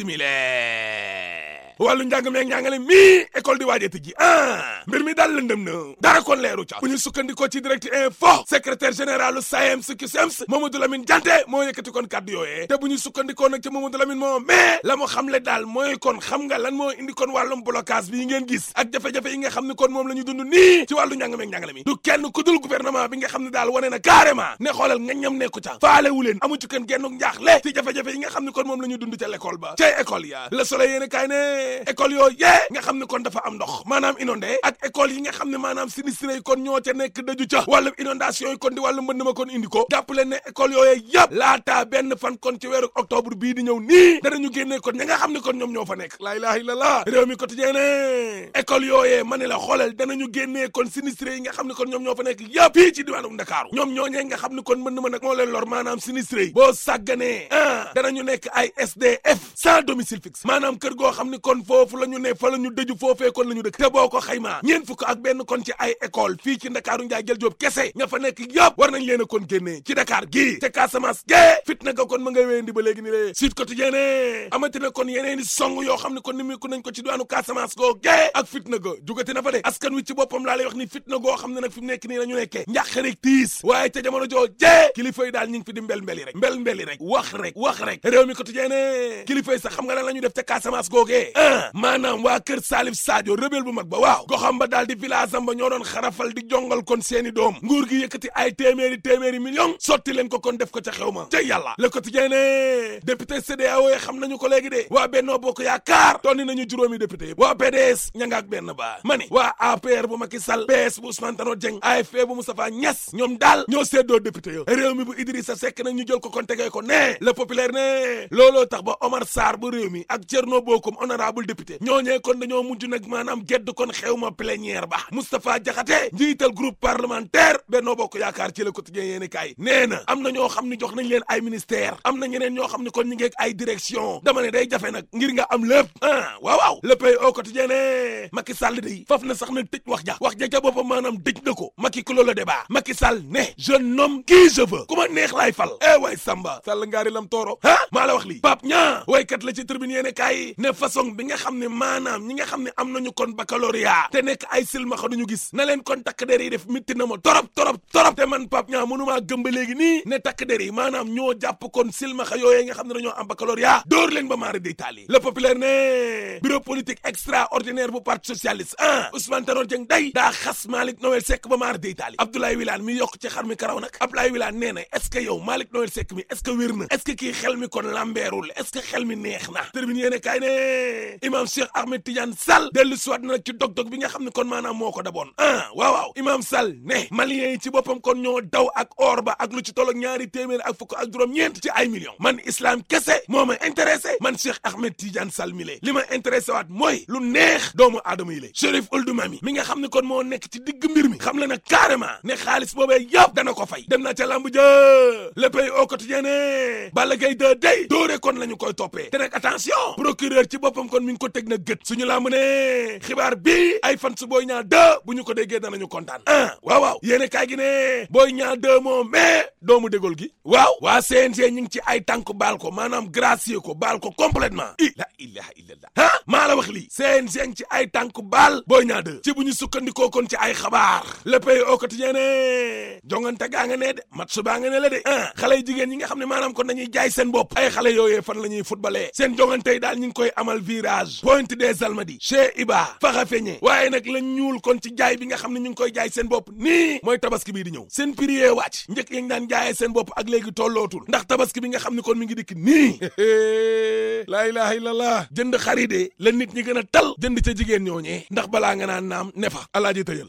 simile wàllu njàng meeg njàngale mii école di waajee tëj ji ah mbir mi daal lëndëm na dara kon leeru ca bu ñu sukkandikoo ci direct fo secrétaire généralu SAEMS CUSEMS Mamadou Lamine Diante moo yëkkati kon kàddu yooyee te bu ñu sukkandikoo na ci Mamadou Lamine moo mais la mu xamle daal mooy kon xam nga lan moo indi kon wàllum blocage bi ngeen gis ak jafe-jafe yi nga xam ne kon moom la ñu dund ni ci wàllu njàng meeg njàngale mi du kenn ku dul gouvernement bi nga xam ne daal wane na carrément ne xoolal nga ñam nekku ca faalewu leen amu ci kenn gennu yi nga xam ne kon moom la ñu dund ca l'école ba ca école ya ne école yooyu yee nga xam ne kon dafa am ndox maanaam inondé ak école yi nga xam ne maanaam sinistré yi kon ñoo nekk daju ca wàllum inondation yi kon di wàllu mbënd ma kon indi ko jàpp leen ne école yooyu yëpp laata benn fan kon ci weeru octobre bii di ñëw nii ñu génnee kon ña nga xam ne kon ñoom ñoo fa nekk laa ilaha illallah réew mi quotidien ne école yooyee ma ne la xoolal danañu kon sinistré yi nga xam ne kon ñoom ñoo fa nekk yëpp fii ci diwaanu Ndakaaru ñoom ne kon mbënd ma nag moo leen lor maanaam sinistré yi ah, nekk ay SDF maanaam kër goo xam ne kon kon foofu la ñu ne fa la ñu dëju foofee kon la ñu dëkk te boo ko xaymaa ñeent fukk ak benn kon ci ay école fii ci ndakaaru njaay jël jóob kese ña fa nekk yëpp war nañ leen a kon génnee ci Dakar gii te Casamance gee fitna ga kon ma ngay wéyandi ba léegi ni lee Sud Quotidien amati na kon yeneeni song yoo xam ne kon ni mu ku nañ ko ci diwaanu Casamance goo gee ak fitna ga jugati na fa de askan wi ci boppam laa lay wax ni fitna goo xam ne nag fi mu nekk nii la ñu nekkee njàqarek tiis waaye ca jamono joo jee kilifa yi daal ñu ngi fi di mbel mbeli rek mbel mbeli rek wax rek wax rek réew mi Quotidien kilifay sax xam nga lan la ñu def ca Casamance googee maanaam waa kër Salif Sadio rebelle bu mag ba waaw goxam ba daal di village am ba ñoo doon xarafal di jongal kon seeni doom nguur gi yëkkati ay téeméeri téeméeri million sotti leen ko kon def ko ca xew ma ca yàlla le quotidien ne député CEDEAO yi xam nañu ko léegi de waa Benno Bokk Yaakaar tonni nañu juróomi député yëpp waa PDS ña ak benn baa ma waa APR bu Macky PS bu Ousmane Tanor Dieng AFP bu Moustapha Niass ñoom daal ñoo séddoo député yo réew bu Idrissa honorable député ñooñee kon dañoo mujj nag maanaam gedd kon xew ma plénière ba Moustapha Diakhaté njiital groupe parlementaire Benno Bokk Yaakaar ci Le Quotidien yéeni kaay nee na am na ñoo xam ne jox nañ leen ay ministère am na ñeneen ñoo xam ne kon ñu ngeeg ay direction dama ne day jafe nag ngir nga am lépp ah waaw waaw Le Pays au Quotidien ne Macky Sall day faf na sax na tëj wax ja wax ja ca boppam maanaam dëj na ko Macky ku loolu débat Macky Sall ne je nomme eh, la wax lii Pape Niang waykat la ci bi nga xam ne maanaam ñi nga xam ne am nañu kon baccalauréat te nekk ay silmaxa duñu gis na leen kon takk der yi def mitti na ma torop torop torop te man pap ñaa mënumaa gëm ba léegi nii ne takk der yi maanaam ñoo jàpp kon silmaxa yooye nga xam ne dañoo am baccalauréat dóor leen ba maari di taali le populaire ne bureau politique extraordinaire bu parti socialiste ah Ousmane Tanor Dieng day daa xas Malick Noël Seck ba maari di taali Abdoulaye Wilane mi yokk xar mi karaw nee na est-ce que yow Malick Noël Seck mi est-ce xel mi kon ne imaam Cheikh Ahmed Tidiane Sall dellu siwaat na nag ci dog-dog bi nga xam ne kon maanaam moo ko daboon ah waaw waaw imaam Sall ne maliens ci boppam kon ñoo daw ak or ba ak lu ci tolloog ñaari téeméer ak fukk ak juróom-ñeent ci ay millions man islam kese moo ma intéressé man Cheikh Ahmed Tidiane sal mi li ma intéressé waat mooy lu neex doomu aadama yi la Chérif Ouldumami mi nga xam ne kon moo nekk ci digg mbir mi xam la nag carrément ne xaalis boobee yëpp dana ko fay dem na ca lamb ja le pays au quotidien ne la ñu koy toppee te nag attention procureur ci boppam kon mi ngi ko teg na gët suñu làmb ne xibaar bi ay fan su Boy Niang 2 bu ñu ko déggee ñu kontaan ah waaw waaw yéen kaay gi ne Boy Niang 2 moom mais doomu dégol gi waaw waa CNG ñu ngi ci ay tànk baal ko maanaam gracier ko baal ko complètement i la ilaha illallah ah maa la wax lii CNG ci ay tànk baal Boy Niang 2 ci bu ñu sukkandikoo kon ci ay xabaar le pays au quotidien ne jongante gaa nga ne de match baa nga ne la de ah xale yu jigéen ñi nga xam ne maanaam kon dañuy jaay seen bopp ay xale yooyee la ñuy footballé seen jongante daal ñu ngi koy amal vira Mirage Pointe des Almadies chez Iba Farafeñe waaye nag la ñuul kon ci jaay bi nga xam ne ñu ngi koy jaay seen bopp nii mooy tabaski bii di ñëw seen prix yee wàcc njëkk ya ngi daan bopp ak léegi tollootul ndax tabaski bi nga xam ne kon mi ngi dikk la laa ilaha illallah jënd xaridee lan nit ñi gën a tal jënd ca jigéen ñooñee ndax balaa nga naan naam ne fa alaaji tëyal